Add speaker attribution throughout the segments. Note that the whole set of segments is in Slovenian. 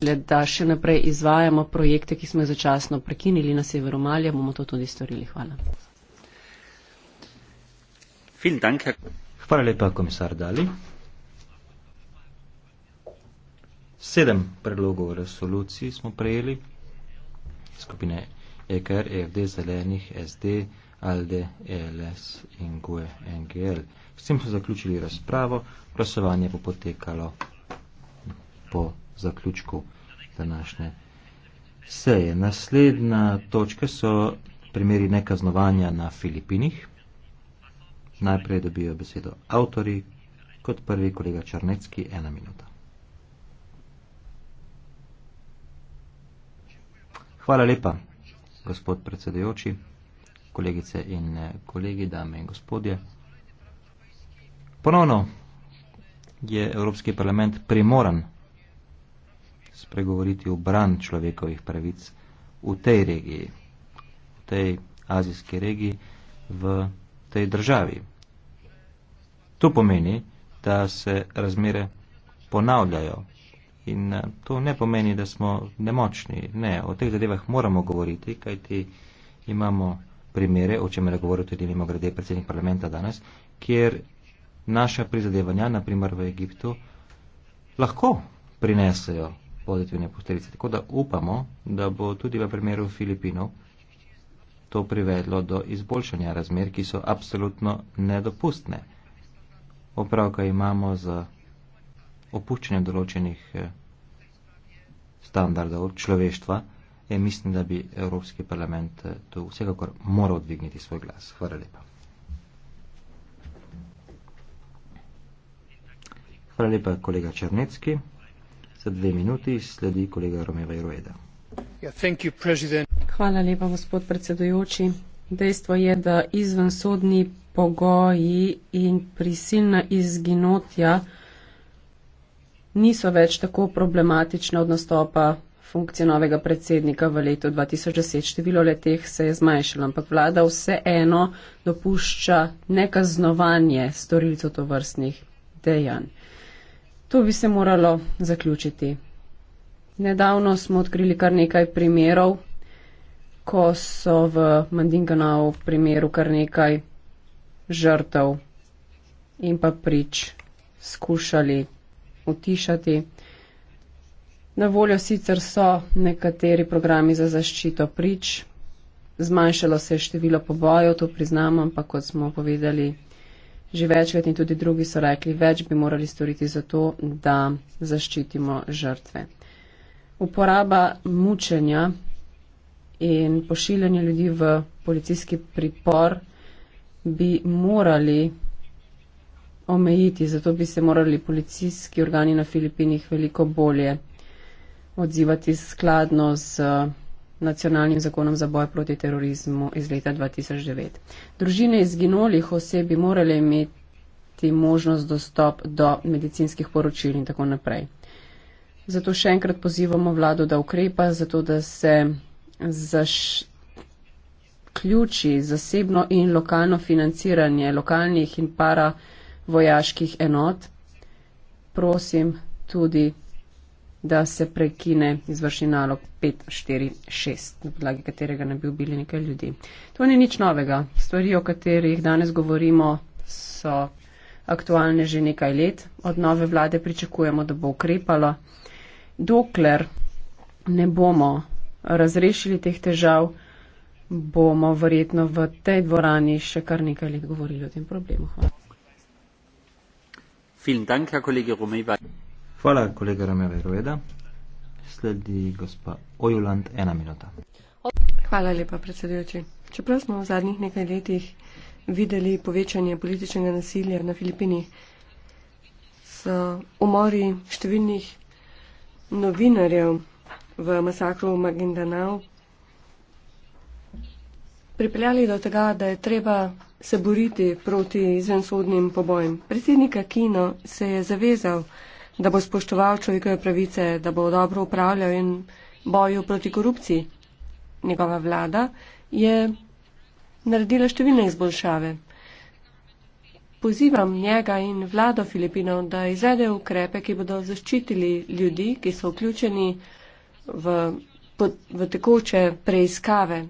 Speaker 1: da še naprej izvajamo projekte, ki smo jih začasno prekinili na severu Malja, bomo to tudi storili. Hvala.
Speaker 2: Hvala lepa, komisar Dali. Sedem predlogov resolucij smo prejeli skupine EKR, EFD, Zelenih, SD, ALDE, ELS in GUE, NGL. S tem smo zaključili razpravo, glasovanje bo potekalo po zaključku današnje seje. Naslednja točka so primeri nekaznovanja na Filipinih. Najprej dobijo besedo avtori, kot prvi kolega Črnecki, ena minuta. Hvala lepa, gospod predsedajoči, kolegice in kolegi, dame in gospodje. Ponovno je Evropski parlament primoran spregovoriti o bran človekovih pravic v tej regiji, v tej azijski regiji, v tej državi. To pomeni, da se razmere ponavljajo in eh, to ne pomeni, da smo nemočni. Ne, o teh zadevah moramo govoriti, kajti imamo primere, o čemer je govoril tudi mimo grede predsednik parlamenta danes, kjer naša prizadevanja, naprimer v Egiptu, lahko prinesejo pozitivne posledice. Tako da upamo, da bo tudi v primeru Filipinov to privedlo do izboljšanja razmer, ki so absolutno nedopustne. Opravka imamo z opuščanjem določenih eh, standardov človeštva in mislim, da bi Evropski parlament eh, tu vsekakor moral dvigniti svoj glas. Hvala lepa. Hvala lepa, kolega Črnecki dve minuti, sledi kolega Romeva Irojeda.
Speaker 1: Hvala lepa, gospod predsedujoči. Dejstvo je, da izven sodni pogoji in prisilna izginotja niso več tako problematična od nastopa funkcije novega predsednika v letu 2010. Število let teh se je zmanjšalo, ampak vlada vseeno dopušča nekaznovanje storilcev tovrstnih dejanj. To bi se moralo zaključiti. Nedavno smo odkrili kar nekaj primerov, ko so v Mandinganau primeru kar nekaj žrtev in pa prič skušali utišati. Na voljo sicer so nekateri programi za zaščito prič, zmanjšalo se je število pobojev, to priznam, ampak kot smo povedali, že večkrat in tudi drugi so rekli, več bi morali storiti za to, da zaščitimo žrtve. Uporaba mučenja in pošiljanje ljudi v policijski pripor bi morali omejiti, zato bi se morali policijski organi na Filipinih veliko bolje odzivati skladno z. Uh, nacionalnim zakonom za boj proti terorizmu iz leta 2009. Družine izginulih oseb bi morali imeti možnost dostop do medicinskih poročil in tako naprej. Zato še enkrat pozivamo vlado, da ukrepa, zato da se zaključi zasebno in lokalno financiranje lokalnih in para vojaških enot. Prosim tudi da se prekine izvršni nalog 546, na podlagi katerega ne bi ubili nekaj ljudi. To ni nič novega. Stvari, o katerih danes govorimo, so aktualne že nekaj let. Od nove vlade pričakujemo, da bo ukrepala. Dokler ne bomo razrešili teh težav, bomo verjetno v tej dvorani še kar nekaj let govorili o tem problemu. Hvala.
Speaker 2: Vielen Dank, Herr Kollege Romeiber. Hvala, kolega Ramela Rueda. Sledi gospa Ojuland, ena minuta.
Speaker 3: Hvala lepa, predsedujoči. Čeprav smo v zadnjih nekaj letih videli povečanje političnega nasilja na Filipinih s umori številnih novinarjev v masakru v Magindanao, pripeljali do tega, da je treba se boriti proti izvensodnim pobojem. Predsednik Akino se je zavezal, da bo spoštoval človekove pravice, da bo dobro upravljal in boju proti korupciji. Njegova vlada je naredila številne izboljšave. Pozivam njega in vlado Filipinov, da izvedejo ukrepe, ki bodo zaščitili ljudi, ki so vključeni v, v tekoče preiskave.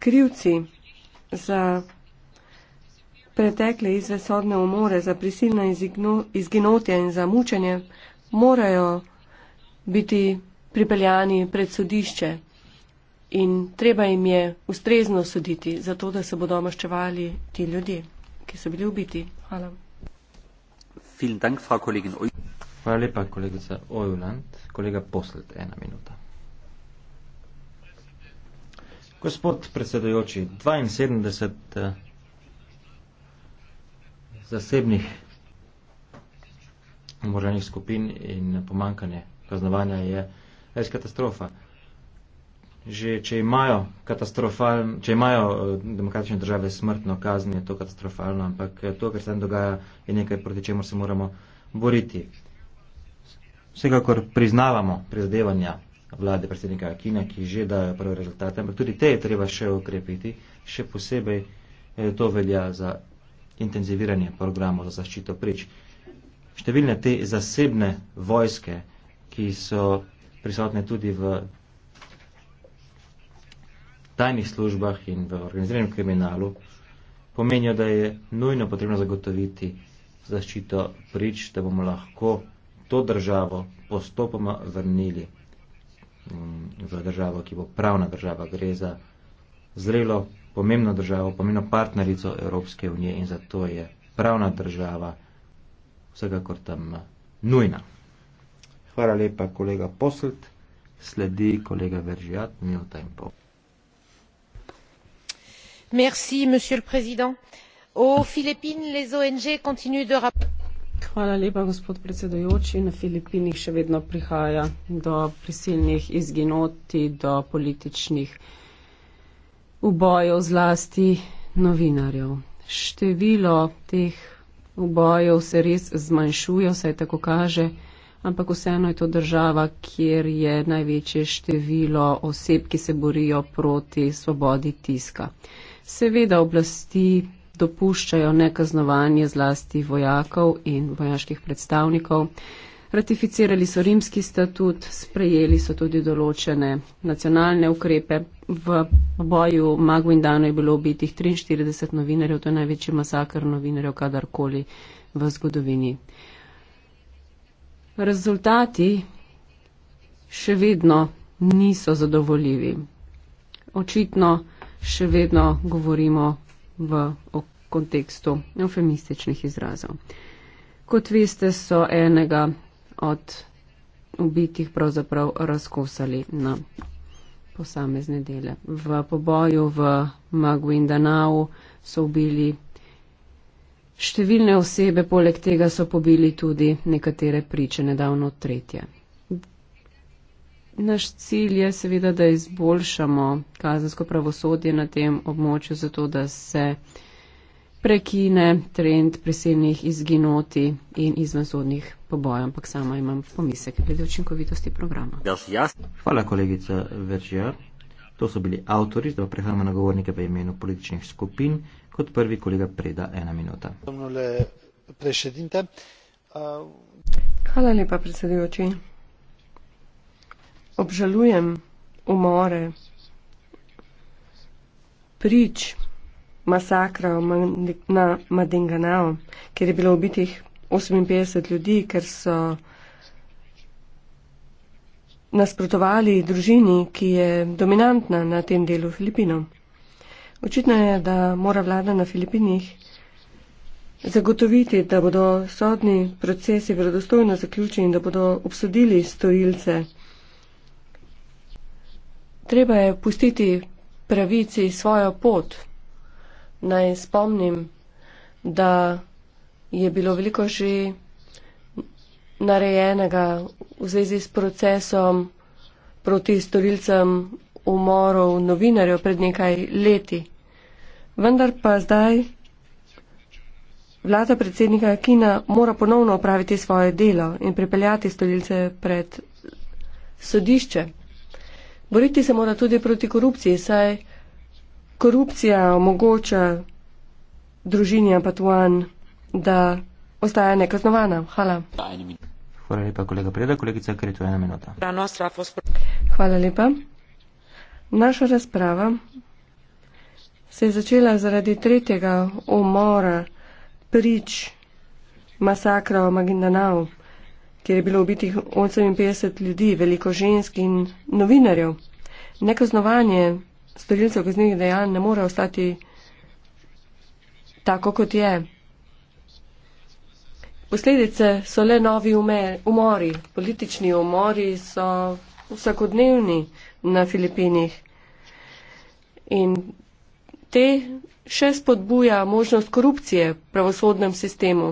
Speaker 3: Krivci za pretekle izvesodne umore, za prisilna izginotja in za mučenje, morajo biti pripeljani pred sodišče in treba jim je ustrezno soditi, zato da se bodo maščevali ti ljudje, ki so bili ubiti. Hvala.
Speaker 2: Hvala lepa, kolegica Ojuland. Kolega Posled, ena minuta. Gospod predsedujoči, 72 zasebnih omoženih skupin in pomankanje kaznovanja je res katastrofa. Že če imajo, če imajo eh, demokratične države smrtno kazni, je to katastrofalno, ampak eh, to, kar se tam dogaja, je nekaj, proti čemu se moramo boriti. Vsekakor priznavamo prizadevanja vlade predsednika Akina, ki že dajo prve rezultate, ampak tudi te je treba še ukrepiti, še posebej eh, to velja za intenziviranje programov za zaščito prič. Številne te zasebne vojske, ki so prisotne tudi v tajnih službah in v organiziranem kriminalu, pomenijo, da je nujno potrebno zagotoviti zaščito prič, da bomo lahko to državo postopoma vrnili mm, v državo, ki bo pravna država, gre za zrelo pomembno državo, pomembno partnerico Evropske unije in zato je pravna država vsekakor tam eh, nujna. Hvala lepa, kolega Poselt. Sledi kolega Veržijat, minuta in pol. Merci, monsieur le président. Aux Philippines, les ONG continuent de
Speaker 1: Hvala lepa, gospod predsedojoči. Na Filipinih še vedno prihaja do prisilnih izginoti, do političnih uh, ubojev zlasti novinarjev. Število teh ubojev se res zmanjšuje, vsaj tako kaže, ampak vseeno je to država, kjer je največje število oseb, ki se borijo proti svobodi tiska. Seveda oblasti dopuščajo nekaznovanje zlasti vojakov in vojaških predstavnikov. Ratificirali so rimski statut, sprejeli so tudi določene nacionalne ukrepe, v boju Magu in Dano je bilo obitih 43 novinarjev, to je največji masakr novinarjev kadarkoli v zgodovini. Rezultati še vedno niso zadovoljivi. Očitno še vedno govorimo v kontekstu eufemističnih izrazov. Kot veste, so enega od ubitih pravzaprav razkosali na posamezne dele. V poboju v Maguindanao so ubili številne osebe, poleg tega so pobili tudi nekatere priče, nedavno tretje. Naš cilj je seveda, da izboljšamo kazensko pravosodje na tem območju, zato da se prekine trend prisilnih izginoti in izvensodnih pobojev, ampak sama imam pomisek glede učinkovitosti programa.
Speaker 2: Hvala, kolegica Veržija. To so bili avtori, zdaj prehajamo na govornike v imenu političnih skupin. Kot prvi kolega preda ena minuta.
Speaker 3: Hvala lepa, predsedujoči. Obžalujem umore prič masakra na Madinganao, kjer je bilo ubitih 58 ljudi, ker so nasprotovali družini, ki je dominantna na tem delu Filipinov. Očitno je, da mora vlada na Filipinih zagotoviti, da bodo sodni procesi vredostojno zaključeni in da bodo obsodili storilce. Treba je pustiti pravici svojo pot naj spomnim, da je bilo veliko že narejenega v zvezi s procesom proti storilcem umorov novinarjev pred nekaj leti. Vendar pa zdaj vlada predsednika Kina mora ponovno opraviti svoje delo in pripeljati storilce pred sodišče. Boriti se mora tudi proti korupciji, saj korupcija omogoča družini Patuan, da ostaja nekaznovana. Hvala.
Speaker 2: Hvala lepa, kolega Preda, kolegica Kretu, ena minuta.
Speaker 3: Hvala lepa. Naša razprava se je začela zaradi tretjega umora prič masakra v Maginanau, kjer je bilo ubitih 58 ljudi, veliko žensk in novinarjev. Nekaznovanje storilcev kaznjivih dejanj ne more ostati tako, kot je. Posledice so le novi umer, umori, politični umori so vsakodnevni na Filipinih. In te še spodbuja možnost korupcije v pravosodnem sistemu.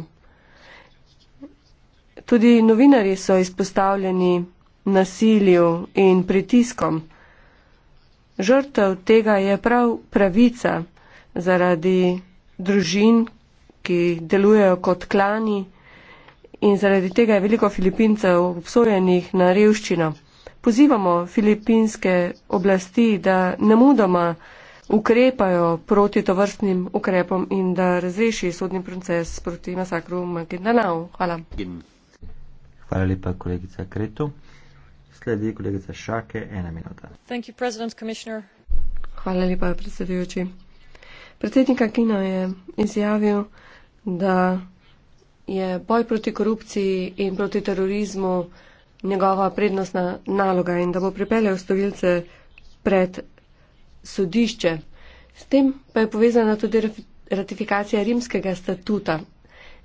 Speaker 3: Tudi novinari so izpostavljeni nasilju in pritiskom. Žrtev tega je prav pravica zaradi družin, ki delujejo kot klani in zaradi tega je veliko Filipincev obsojenih na revščino. Pozivamo filipinske oblasti, da ne mudoma ukrepajo proti tovrstnim ukrepom in da razreši sodni proces proti masakru Magdalena. Hvala.
Speaker 2: Hvala lepa, kolegica Kreto sledi kolegica Šake, ena minuta.
Speaker 3: Hvala lepa, predsedujoči. Predsednik Akino je izjavil, da je boj proti korupciji in proti terorizmu njegova prednostna naloga in da bo pripeljal storilce pred sodišče. S tem pa je povezana tudi ratifikacija rimskega statuta.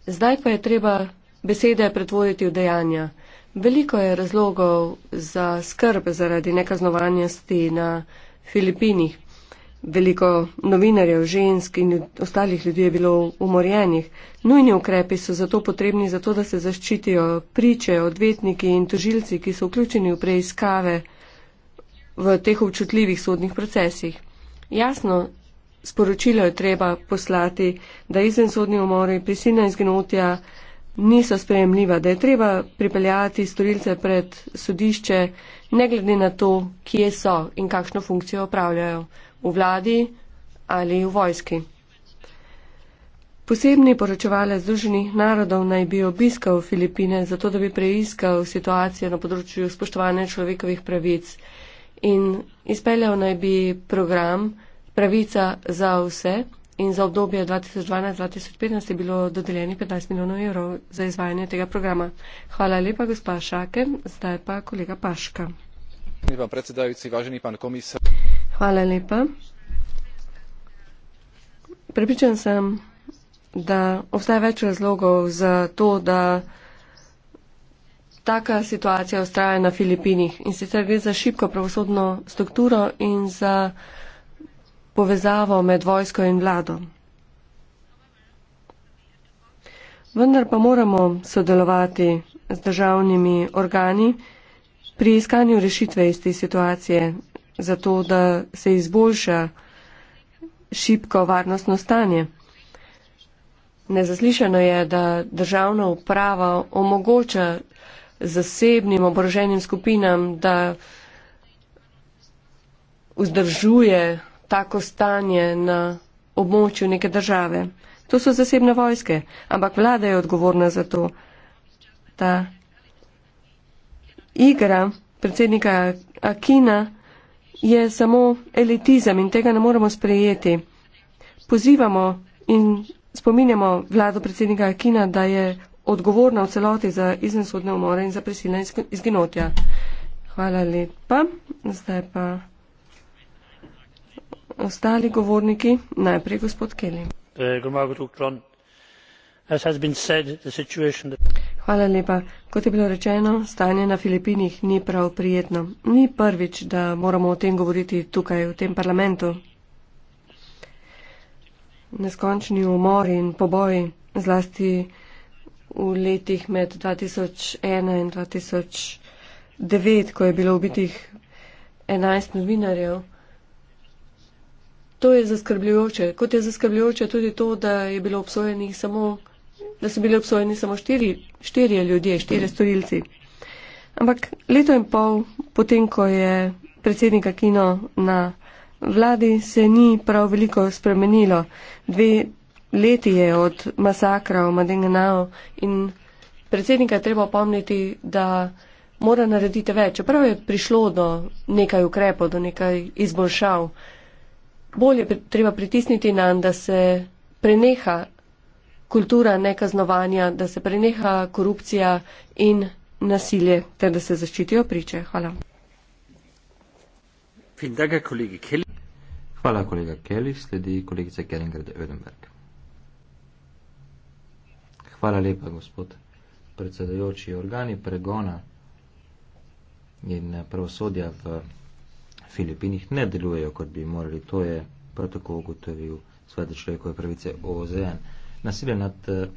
Speaker 3: Zdaj pa je treba besede pretvoriti v dejanja. Veliko je razlogov za skrb zaradi nekaznovanjosti na Filipinih. Veliko novinarjev, žensk in ostalih ljudi je bilo umorjenih. Nujni ukrepi so zato potrebni, zato da se zaščitijo priče, odvetniki in tožilci, ki so vključeni v preiskave v teh občutljivih sodnih procesih. Jasno, sporočilo je treba poslati, da izven sodni umori, prisilna izginotja, niso sprejemljiva, da je treba pripeljati storilce pred sodišče, ne glede na to, kje so in kakšno funkcijo opravljajo v vladi ali v vojski. Posebni poročevalec Združenih narodov naj bi obiskal Filipine, zato da bi preiskal situacijo na področju spoštovanja človekovih pravic in izpeljal naj bi program Pravica za vse, In za obdobje 2012-2015 je bilo dodeljenih 15 milijonov evrov za izvajanje tega programa. Hvala lepa, gospa Šaken. Zdaj pa kolega Paška.
Speaker 2: Lepa, predsedajci, važeni pan komisar.
Speaker 3: Hvala lepa. Prepričan sem, da obstaja več razlogov za to, da taka situacija ostaja na Filipinih. In sicer gre za šibko pravosodno strukturo in za povezavo med vojsko in vlado. Vendar pa moramo sodelovati z državnimi organi pri iskanju rešitve iz te situacije, zato da se izboljša šipko varnostno stanje. Nezaslišano je, da državna uprava omogoča zasebnim oboroženim skupinam, da vzdržuje tako stanje na območju neke države. To so zasebne vojske, ampak vlada je odgovorna za to. Ta igra predsednika Akina je samo elitizem in tega ne moramo sprejeti. Pozivamo in spominjamo vlado predsednika Akina, da je odgovorna v celoti za izvensodne umore in za prisilna izginotja. Hvala lepa. Zdaj pa ostali govorniki najprej gospod kelly. Eh, hvala lepa kot je bilo rečeno stanje na filipinih ni prav prijetno ni prvič da moramo o tem govoriti tukaj v tem parlamentu neskončni umor in poboj zlasti v letih med 2001 in 2009 ko je bilo ubitih 11 novinarjev To je zaskrbljujoče. Kot je zaskrbljujoče tudi to, da, je bilo samo, da so bili obsojeni samo štiri, štiri ljudje, štiri storilci. Ampak leto in pol potem, ko je predsednika Kino na vladi, se ni prav veliko spremenilo. Dve leti je od masakra v Madengenau in predsednika je treba opomniti, da mora narediti več. Čeprav je prišlo do nekaj ukrepov, do nekaj izboljšav bolj je treba pritisniti na, da se preneha kultura nekaznovanja, da se preneha korupcija in nasilje, ter da se zaščitijo priče. Hvala.
Speaker 2: Hvala, kolega Kelly. Sledi kolegica Keringrad-Ödenberg. Hvala lepa, gospod predsedajoči. Organi pregona in pravosodja v Filipinih ne delujejo, kot bi morali. To je prav tako ugotovil Sveta človekove pravice OZN. Nasilje nad eh,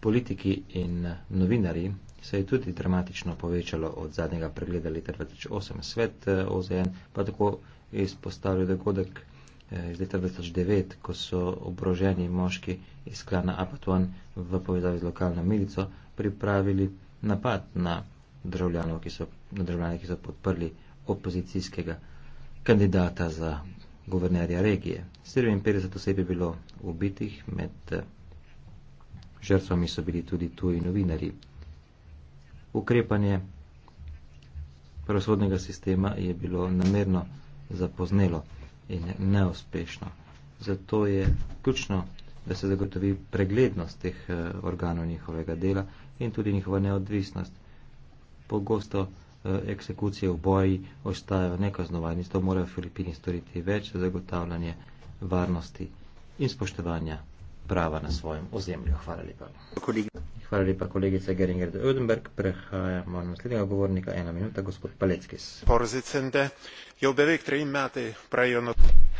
Speaker 2: politiki in novinarji se je tudi dramatično povečalo od zadnjega pregleda leta 2008. Svet eh, OZN pa tako izpostavlja dogodek eh, iz leta 2009, ko so obroženi moški iz klana Apatuan v povezavi z lokalno milico pripravili napad na državljanov, ki so, na državljane, ki so podprli opozicijskega kandidata za guvernerja regije. 57 oseb je bilo ubitih, med eh, žrtvami so bili tudi tuji novinari. Ukrepanje pravosodnega sistema je bilo namerno zapoznelo in neuspešno. Zato je ključno, da se zagotovi preglednost teh eh, organov njihovega dela in tudi njihova neodvisnost. Pogosto Eh, eksekucije v boji ostajajo nekaznovani. Zato morajo Filipini storiti več za zagotavljanje varnosti in spoštovanja prava na svojem ozemlju. Hvala lepa. Hvala lepa, kolegica Geringer de Ödenberg. Prehajamo na naslednjega govornika. Ena minuta, gospod Paleckis.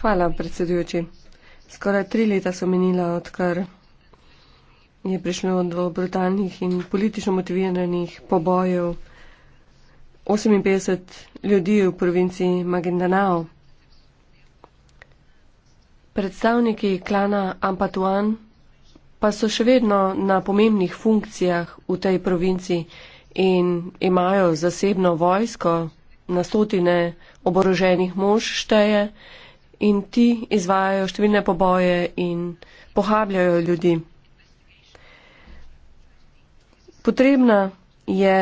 Speaker 3: Hvala, predsedujoči. Skoraj tri leta so menila, odkar je prišlo do brutalnih in politično motiviranih pobojev. 58 ljudi v provinci Magendanao. Predstavniki klana Ampatuan pa so še vedno na pomembnih funkcijah v tej provinci in imajo zasebno vojsko, na stotine oboroženih mož šteje in ti izvajajo številne poboje in pohabljajo ljudi. Potrebna je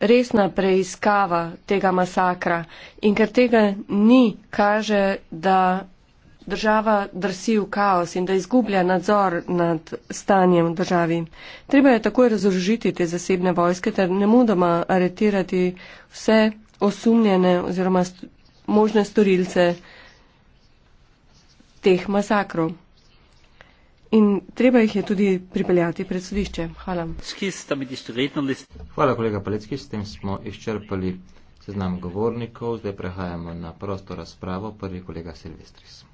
Speaker 3: resna preiskava tega masakra in ker tega ni, kaže, da država drsi v kaos in da izgublja nadzor nad stanjem v državi. Treba je takoj razorožiti te zasebne vojske ter ne mudoma aretirati vse osumljene oziroma st možne storilce teh masakrov in treba jih je tudi pripeljati pred sodišče. Hvala.
Speaker 2: Hvala, kolega Palecki. S tem smo izčrpali seznam govornikov. Zdaj prehajamo na prosto razpravo. Prvi kolega Silvestris.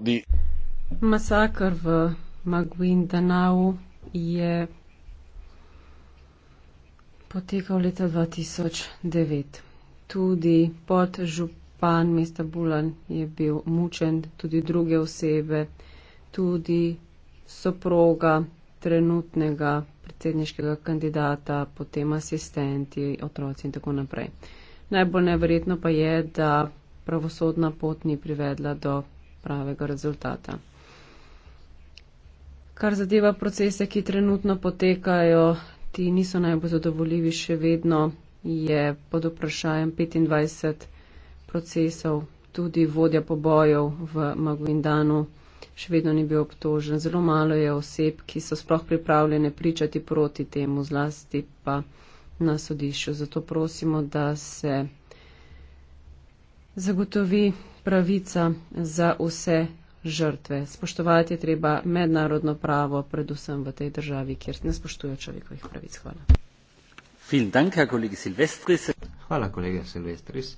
Speaker 2: Di...
Speaker 1: Masakr v Maguindanau je potekal leta 2009. Tudi pod župom. Pan mesta Bulan je bil mučen, tudi druge osebe, tudi soproga trenutnega predsedniškega kandidata, potem asistenti, otroci in tako naprej. Najbolj neverjetno pa je, da pravosodna pot ni privedla do pravega rezultata. Kar zadeva procese, ki trenutno potekajo, ti niso najbolj zadovoljivi še vedno, je pod vprašanjem 25 procesov, tudi vodja pobojev v Magvindanu še vedno ni bil obtožen. Zelo malo je oseb, ki so sploh pripravljene pričati proti temu, zlasti pa na sodišču. Zato prosimo, da se zagotovi pravica za vse žrtve. Spoštovati je treba mednarodno pravo, predvsem v tej državi, kjer ne spoštuje človekovih
Speaker 2: pravic. Hvala. Vielen Dank, Herr Kollege Silvestris. Hvala, kolega Silvestris.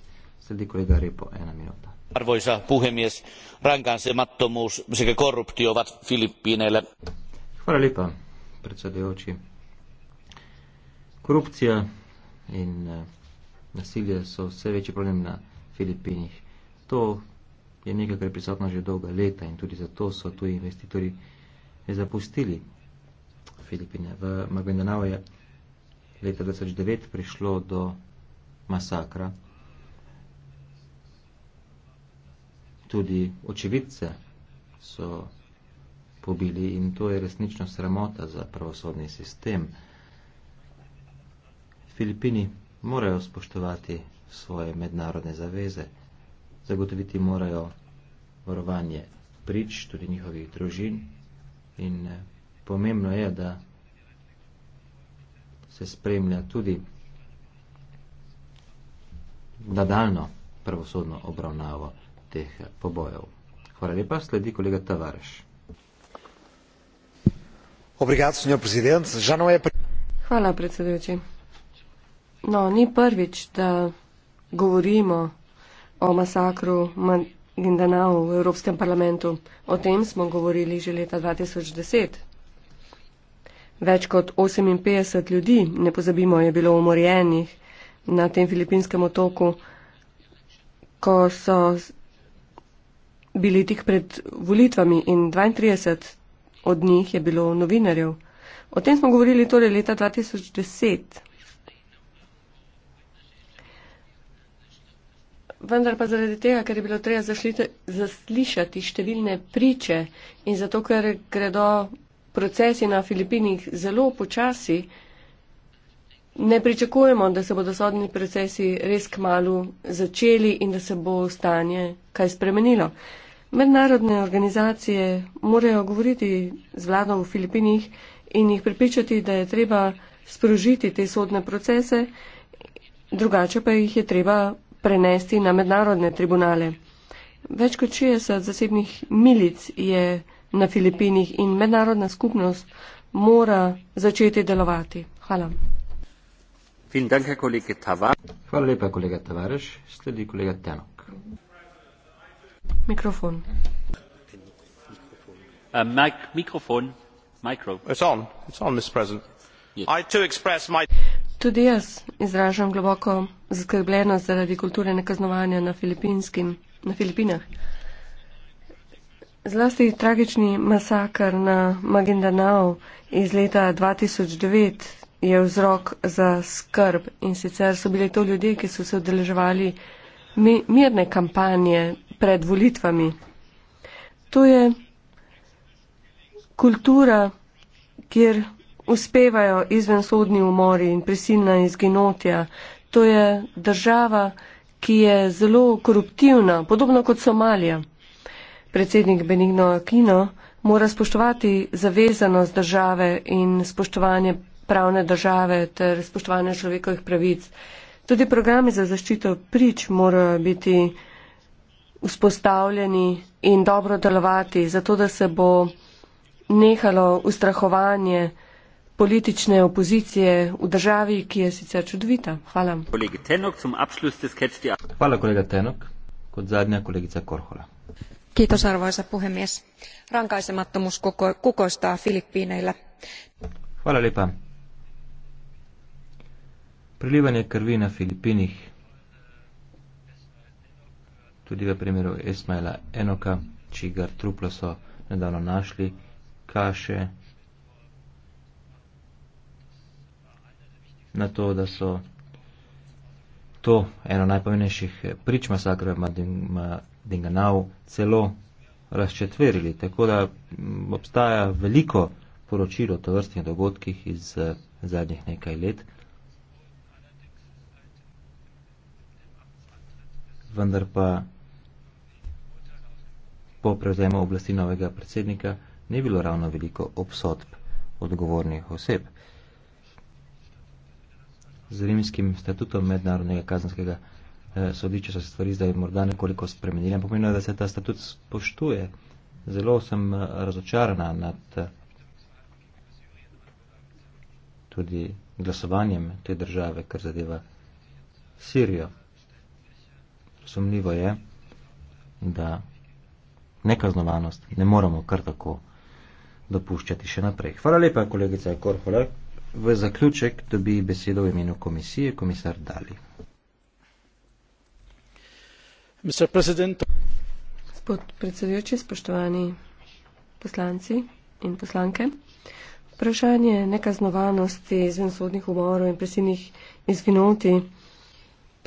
Speaker 2: Arvoisa puhemies, rankaisemattomuus sekä korruptio ovat Filippiineillä. Hvala lepa, predsedujoči. Korupcija in eh, nasilje so vse večji problem na Filipinih. To je nekaj, kar je prisotno že dolga leta in tudi zato so tuji investitorji zapustili Filipine. V Magandanao je leta 2009 prišlo do masakra tudi očividce so pobili in to je resnično sramota za pravosodni sistem. Filipini morajo spoštovati svoje mednarodne zaveze, zagotoviti morajo varovanje prič, tudi njihovih družin in eh, pomembno je, da se spremlja tudi nadaljno pravosodno obravnavo teh pobojev. Hvala lepa, sledi kolega Tavares.
Speaker 3: Hvala, predsedujoči. No, ni prvič, da govorimo o masakru Gindanao v Evropskem parlamentu. O tem smo govorili že leta 2010. Več kot 58 ljudi, ne pozabimo, je bilo umorjenih na tem filipinskem otoku, ko so bili tik pred volitvami in 32 od njih je bilo novinarjev. O tem smo govorili torej leta 2010. Vendar pa zaradi tega, ker je bilo treba zaslišati številne priče in zato, ker gredo procesi na Filipinih zelo počasi, ne pričakujemo, da se bodo sodni procesi res k malu začeli in da se bo stanje kaj spremenilo. Mednarodne organizacije morajo govoriti z vlado v Filipinih in jih pripričati, da je treba sprožiti te sodne procese, drugače pa jih je treba prenesti na mednarodne tribunale. Več kot 60 zasebnih milic je na Filipinih in mednarodna skupnost mora začeti delovati. Hvala.
Speaker 2: Hvala lepa, kolega Tavares. Sledi kolega Tenok
Speaker 3: tudi jaz izražam globoko zaskrbljenost zaradi kulture nekaznovanja na, na filipinah zlasti tragični masakr na magindanao iz leta 2009 je vzrok za skrb in sicer so bili to ljudje, ki so se odeleževali mirne kampanje pred volitvami. To je kultura, kjer uspevajo izvensodni umori in prisilna izginotja. To je država, ki je zelo koruptivna, podobno kot Somalija. Predsednik Benigno Akino mora spoštovati zavezanost države in spoštovanje pravne države ter spoštovanje človekovih pravic. Tudi programi za zaščito prič morajo biti vzpostavljeni in dobro delovati, zato da se bo nehalo ustrahovanje politične opozicije v državi, ki je sicer čudovita. Hvala.
Speaker 2: Hvala, kolega Tenok. Kot zadnja kolegica Korhola.
Speaker 3: Kiitos arvoisa puhemies. Rankaisemattomuus kukoistaa Filippiineillä.
Speaker 2: Hvala lepa. Prilivanje krvi na Filipinih tudi v primeru Esmaila Enoka, čigar truplo so nedavno našli, kaše na to, da so to eno najpomenejših prič masakra v Madinganau celo razčetverili. Tako da obstaja veliko poročil o tovrstnih dogodkih iz zadnjih nekaj let. Vendar pa Po prevzemu oblasti novega predsednika ni bilo ravno veliko obsodb odgovornih oseb. Z rimskim statutom mednarodnega kazanskega eh, sodiča so se stvari zdaj morda nekoliko spremenile. Pomembno je, da se ta statut spoštuje. Zelo sem eh, razočarana nad eh, tudi glasovanjem te države, kar zadeva Sirijo. Sumljivo je, da nekaznovanost. Ne moramo kar tako dopuščati še naprej. Hvala lepa, kolegica Korhola. V zaključek dobi besedo v imenu komisije, komisar Dali. Gospod
Speaker 3: predsedujoči, spoštovani poslanci in poslanke. Vprašanje nekaznovanosti izven sodnih umorov in presilnih izginoti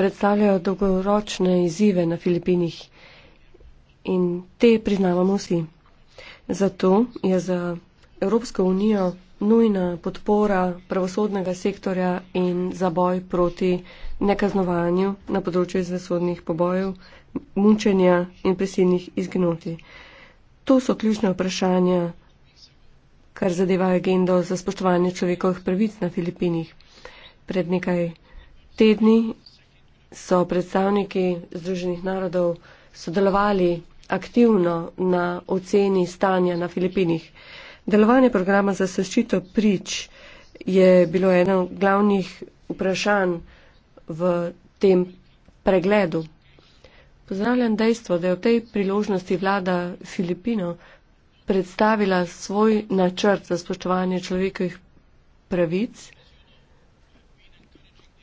Speaker 3: predstavljajo dolgoročne izzive na Filipinih in te priznavamo vsi. Zato je za Evropsko unijo nujna podpora pravosodnega sektorja in za boj proti nekaznovanju na področju izvesodnih pobojev, mučenja in prisilnih izginoti. To so ključne vprašanja, kar zadeva agendo za spoštovanje človekovih pravic na Filipinih. Pred nekaj tedni so predstavniki Združenih narodov sodelovali aktivno na oceni stanja na Filipinih. Delovanje programa za zaščito prič je bilo eno glavnih vprašanj v tem pregledu. Pozdravljam dejstvo, da je v tej priložnosti vlada Filipino predstavila svoj načrt za spoštovanje človekovih pravic.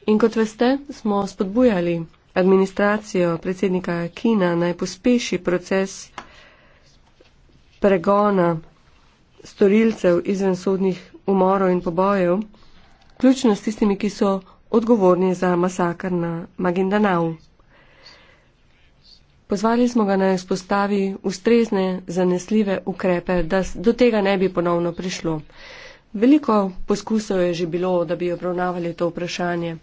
Speaker 3: In kot veste, smo spodbujali administracijo predsednika Kina naj pospeši proces pregona storilcev izven sodnih umorov in pobojev, ključno s tistimi, ki so odgovorni za masakr na Magindanau. Pozvali smo ga naj vzpostavi ustrezne, zanesljive ukrepe, da do tega ne bi ponovno prišlo. Veliko poskusov je že bilo, da bi obravnavali to vprašanje.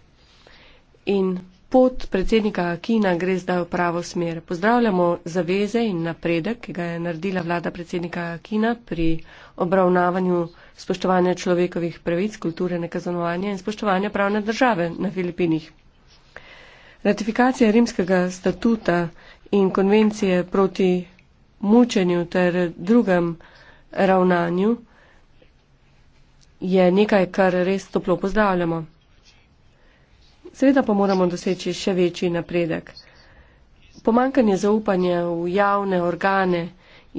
Speaker 3: In Pot predsednika Akina gre zdaj v pravo smer. Pozdravljamo zaveze in napredek, ki ga je naredila vlada predsednika Akina pri obravnavanju spoštovanja človekovih pravic, kulture nekazanovanja in spoštovanja pravne države na Filipinih. Ratifikacija rimskega statuta in konvencije proti mučenju ter drugem ravnanju je nekaj, kar res toplo pozdravljamo. Seveda pa moramo doseči še večji napredek. Pomankanje zaupanja v javne organe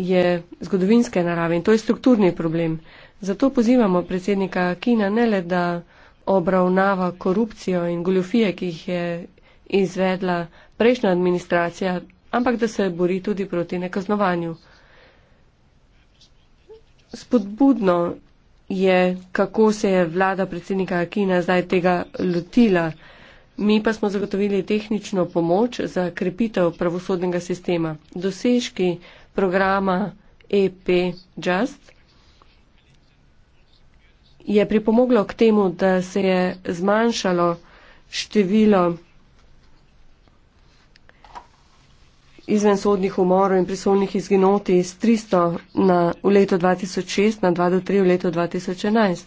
Speaker 3: je zgodovinske narave in to je strukturni problem. Zato pozivamo predsednika Kina ne le, da obravnava korupcijo in goljofije, ki jih je izvedla prejšnja administracija, ampak da se bori tudi proti nekaznovanju. Spodbudno je, kako se je vlada predsednika Kina zdaj tega lotila. Mi pa smo zagotovili tehnično pomoč za krepitev pravosodnega sistema. Dosežki programa EP Just je pripomoglo k temu, da se je zmanjšalo število izvensodnih umorov in prisolnih izginoti z 300 na, v letu 2006 na 2 do 3 v letu 2011.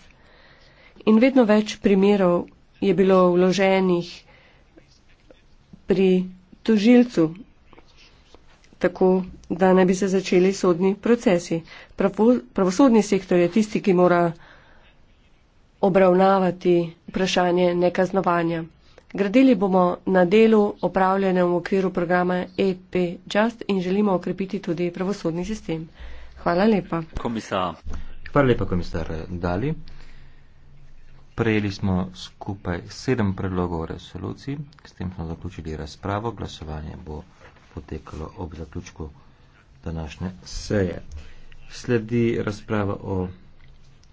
Speaker 3: In vedno več primerov je bilo vloženih pri tožilcu, tako da ne bi se začeli sodni procesi. Pravosodni sektor je tisti, ki mora obravnavati vprašanje nekaznovanja. Gradili bomo na delu opravljene v okviru programa EP Just in želimo okrepiti tudi pravosodni sistem. Hvala
Speaker 2: lepa. Komisar. Hvala lepa, komisar Dali. Prejeli smo skupaj sedem predlogov resolucij, s tem smo zaključili razpravo, glasovanje bo potekalo ob zaključku današnje seje. Sledi razprava o